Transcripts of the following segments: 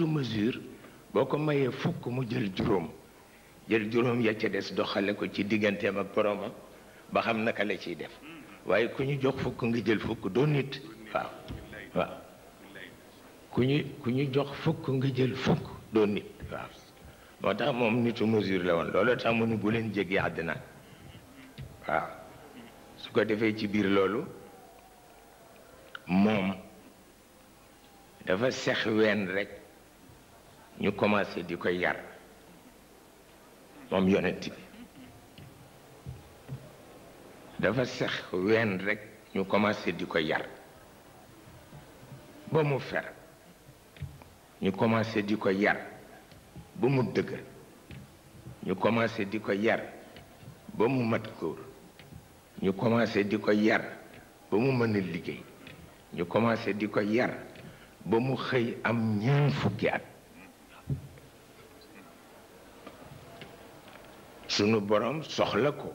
su mesure boo ko mayee fukk mu jël juróom jël juróom ya ca des doxale ko ci digganteem ak boromam ba xam naka la ciy def waaye ku ñu jox fukk nga jël fukk doo nit waaw ku ñu jox fukk nga jël fukk doo nit waaw moo tax moom nitu mesure la woon loolu tax ni bu leen jéggi àddina waaw su ko defee ci biir loolu moom dafa sex ween rek ñu commencé di koy yar moom yonent bi dafa sex ween rekk ñu commencé di ko yar ba mu fer ñu commencé di ko yar ba mu dëgër ñu commencé di ko yar ba mu mat góor commencé di ko yar ba mu mën a liggéey ñu commencé di ko yar ba mu xëy am ñeent fukki at suñu borom soxla ko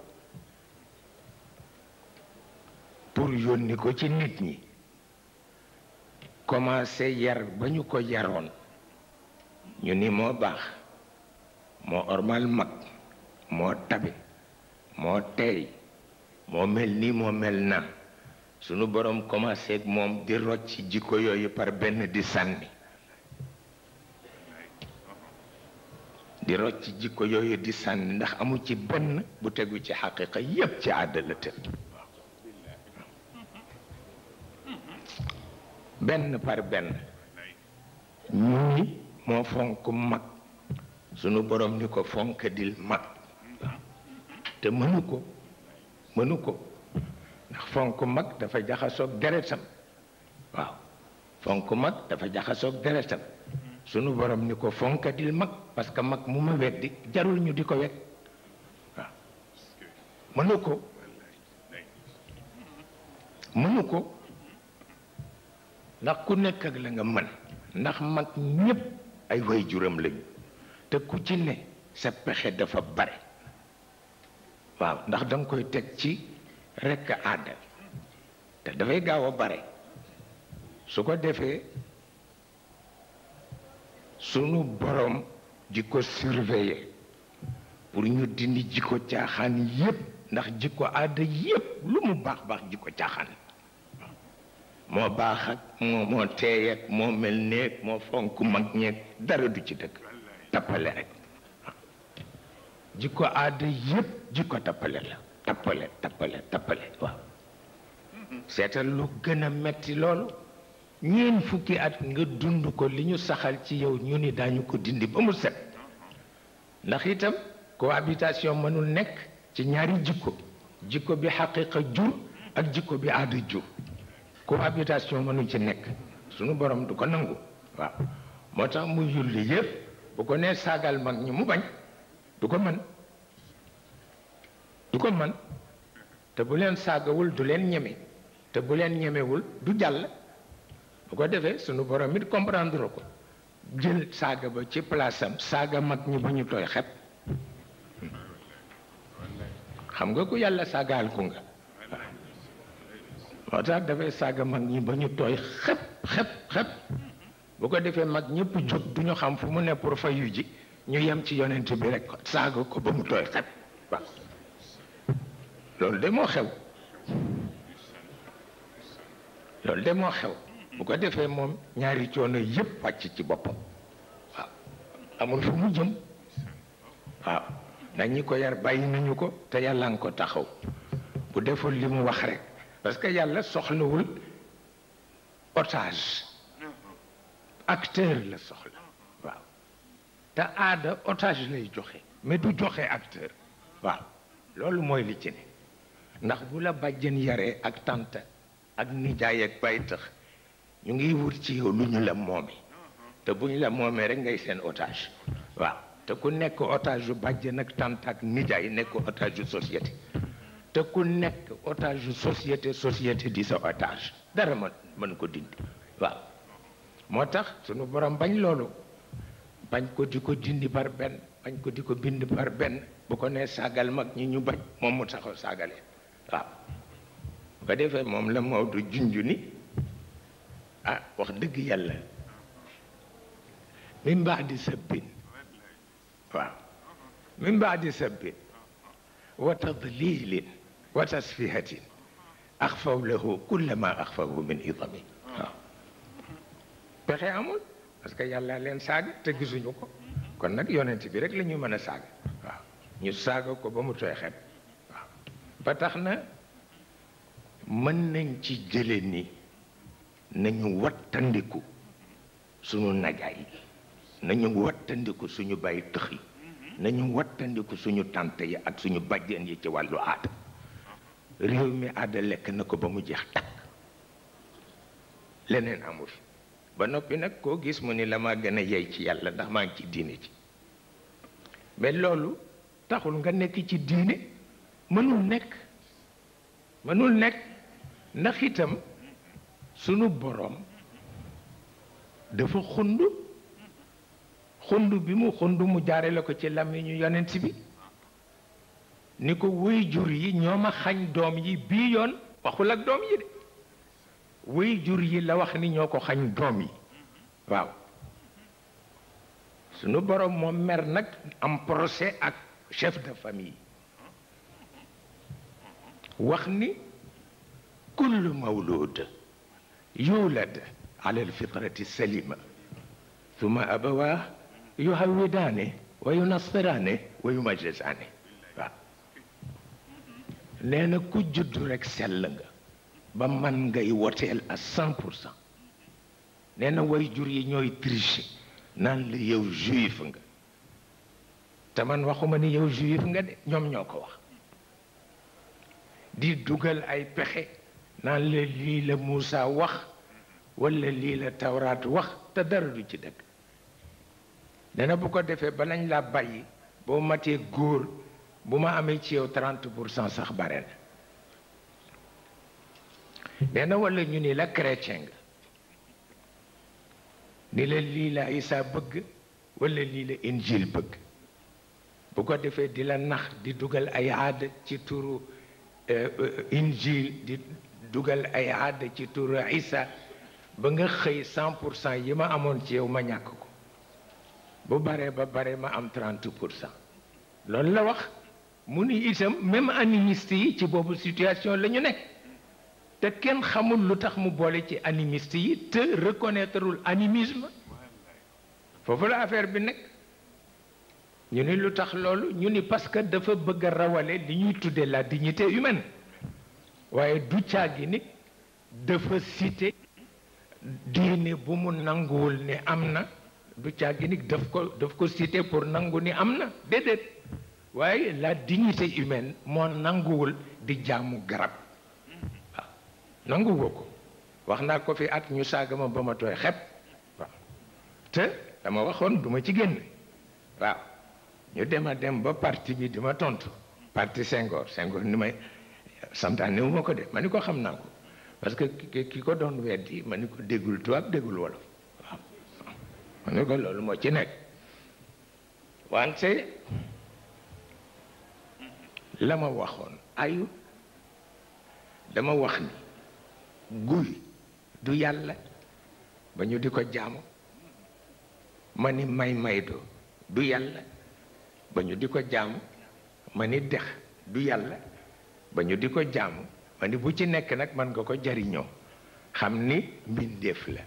pour yónni ko ci nit ñi commencé yar ba ñu ko yaroon ñu ni moo baax moo ormal mag moo tabi moo teey moo mel nii moo mel na sunu borom commencé moom di rocc jikko yooyu par benn di sànni di rocc jikko yooyu di sànni ndax amu ci benn bu tegu ci xaqiqa yépp ci aada tëdd benn par benn ñu ni moo fonk mag sunu borom ni ko fonk fonkadil mag te mënu ko mënu ko ndax fonk mag dafa jaxasoog deretam waaw fonk mag dafa jaxasoog deretam sunu borom ni ko fonkatil mag parce que mag mu ma weddi jarul ñu di ko wet waaw mënu ko mënu ko ndax ku nekk ak la nga mën ndax mag ñépp ay waajuram lañu te ku ci ne sa pexe dafa bare waaw ndax danga koy teg ci rekk aada te dafay gaaw a bare su ko defee sunu borom di ko surveiller pour ñu dindi ji ko caaxaan yépp ndax jikko aada yépp lu mu baax baax jikko caaxaan moo baax ak moo moo teey ak moo mel néeg moo fonk mag ñeeg dara du ci dëkk tappale rek jikko aada yépp jikko tappale la tappale tappale tappale waaw seetal lu gën a metti lool ñeen fukki at nga dund ko li ñu saxal ci yow ñu ni daañu ko dindi ba mu set ndax itam cohabitation mënul nekk ci ñaari jikko jikko bi xaqiqa jur ak jikko bi aada jur cohabitation mënul ci nekk sunu boroom du ko nangu waaw moo tax mu yulli yépp bu ko nee saagal mag ñi mu bañ du ko mën du ko man te bu leen saagawul du leen ñeme te bu leen ñemewul du jàll bu ko defee sunu borom it comprendre ko jël saaga ba ci place saaga mag ñi ba ñu tooy xep xam nga ko yàlla saagaal ku waa moo tax dafay saaga mag ñi ba ñu tooy xep xep bu ko defee mag ñëpp jóg du ñu xam fu mu ne pour fa yu ji ñu yem ci yonent bi rek saaga ko ba mu tooy xep loolu de moo xew loolu de moo xew bu ko defee moom ñaari coono yépp wàcc ci boppam waaw amul fu mu jëm waaw ndax ñi ko yar bàyyi nañu ko te yàlla nga ko taxaw bu deful li mu wax rek parce que yàlla soxlawul otage acteur la soxla waaw te aada otage lay joxe mais du joxe acteur waaw loolu mooy li ci ne ndax bu la bàjjen yaree ak tante ak nijaay ak bay tax ñu ngi wut ci yow lu ñu la moomee te bu ñu la moomee rek ngay seen otage waaw te ku nekk otage yu bàjjen ak tante ak nijaay nekk otage yu société te ku nekk otage yu société société di sa otage dara mën mën ko dindi waaw moo tax suñu borom bañ loolu bañ ko di ko dindi par benn bañ ko di ko bind par benn bu ko nee saagal mag ñi ñu bañ moom mu taxaw saagalee waaw bu ko defee moom la Maodo junj ni ah wax dëgg yàlla min baadi sabbin waaw min baadi sabbin wa tadlilin wa tasfihatin axfaw lahu kulla ma axfawu min idami waaw pexe amul parce que yàlla leen saaga te gisuñu ko kon nag yonent bi rek la ñu mën a saaga waaw ñu saaga ko ba mu tooy xet waaw ba tax na mën nañ ci jële ni nañu wattandiku suñu najaay yi nañu wattandiku suñu bàyyi tëx yi nañu wattandiku suñu tànt yi ak suñu bàjjeen yi ci wàllu aada réew mi aada lekk na ko ba mu jeex takk leneen amul ba noppi nag koo gis mu ni la maa gën a yey ci yàlla ndax maa ngi ci diine ci mais loolu taxul nga nekk ci diine mënul nekk mënul nekk ndax itam sunu borom dafa xund xund bi mu xund mu jaare la ko ci làmmiñu yonent bi ni ko wéy jur yi ñoo ma xañ doom yi bii yoon waxul ak doom yi de wéy jur yi la wax ni ñoo ko xañ doom yi waaw sunu borom moom mer nag am procès ak chef de famille wax ni kullu mawluud يولد على الفطرة السليمة ثم أبواه يهودانه وينصرانه ويمجزانه لأن كج درك سلنغ بمن غي وتيل 100% لأن وي جوري نيوي تريشي نان لي يو جويف نغ تمن واخوما ني يو جويف نغ نيوم نيوكو دي دوغال اي بخي naan le lii la Moussa wax wala lii la Tawraat wax te dara du ci dëgg dana bu ko defee ba nañ laa bàyyi boo matee góor bu ma amee ci yow 30 pour cent sax bare na nee na walla ñu ni la chrétien nga ni la lii la Isaa bëgg wala lii la Injil bëgg bu ko defee di la nax di dugal ay aada ci turu euh, euh, Injil di dugal ay aada ci turu Isa ba nga xëy cent pour cent yi ma amoon ci yow ma ñàkk ko bu baree ba bare ma am trente pour cent loolu la wax mu ni itam même animiste yi ci boobu situation la ñu nekk te kenn xamul lu tax mu boole ci animiste yi te reconnaîtreul animisme foofu la affaire bi nekk ñu ni lu tax loolu ñu ni parce que dafa bëgg a rawale li ñuy tuddee la dignité humaine waaye du càggi ni dafa cité diine bu mu nanguwul ni am na du càggi ni daf ko daf ko cité pour nangu ni am na déedéet waaye la dignité humaine moo nanguwul di jaamu garab waaw nanguwoo ko wax naa ko fi at ñu saaga ma ba ma tooy waaw te dama waxoon duma ci génn waaw ñu dema dem ba parti bi di ma tontu parti Senghor Senghor ni may santaane wu ma ko de ma ni ko xam naa ko parce que ki ko doon weddi ma ni ko déggul tubaab déggul wolof ma ni ko loolu moo ci nekk wante la ma waxoon ayu dama wax ni guy du yàlla ba ñu di ko jaamu ma ni may maydo du yàlla ba ñu di ko jaamu ma ni dex du yàlla ba ñu di ko jàmm ma ni bu ci nekk nag man nga ko jariñoo xam ni mbindeef la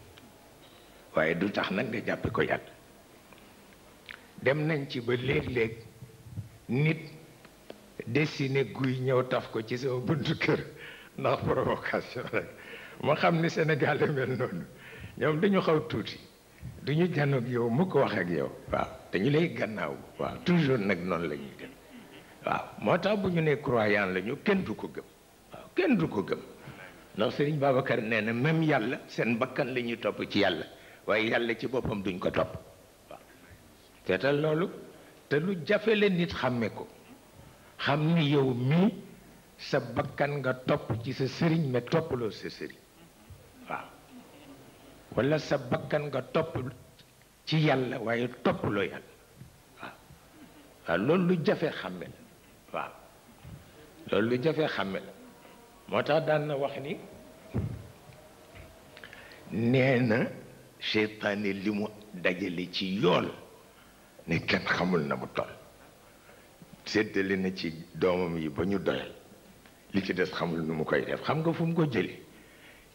waaye du tax nag nga jàppe ko yàgg dem nañ ci ba léeg-léeg nit dessiné guy ñëw taf ko ci sama buntu kër ndax provocation rek ma xam ni Sénégal mel noonu ñoom dañu xaw tuuti du ñu janoog yow mu wax ak yow waaw dañu lay gannaaw waaw toujours nag noonu la ñuy waaw moo tax bu ñu nee croyant la ñu kenn du ko gëm waaw kenn du ko gëm ndax Serigne Babacar nee na même yàlla seen bakkan lañuy topp ci yàlla waaye yàlla ci boppam duñ ko topp waaw loolu te lu jafe la nit xàmme ko xam ni yow mii sa bakkan nga topp ci sa sëriñ toppaloo sa sëriñ sa bakkan nga topp ci yàlla waaye toppaloo yàlla waaw loolu lu jafe xàmme la waaw loolu lu jafe xàmme la moo tax daan na wax ni nee na seytaane li mu dajale ci yool ne kenn xamul na mu toll séddale na ci doomam yi ba ñu doyal li ci des xamul nu mu koy def xam nga fu mu ko jële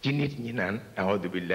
ci nit ñi naan audu billahi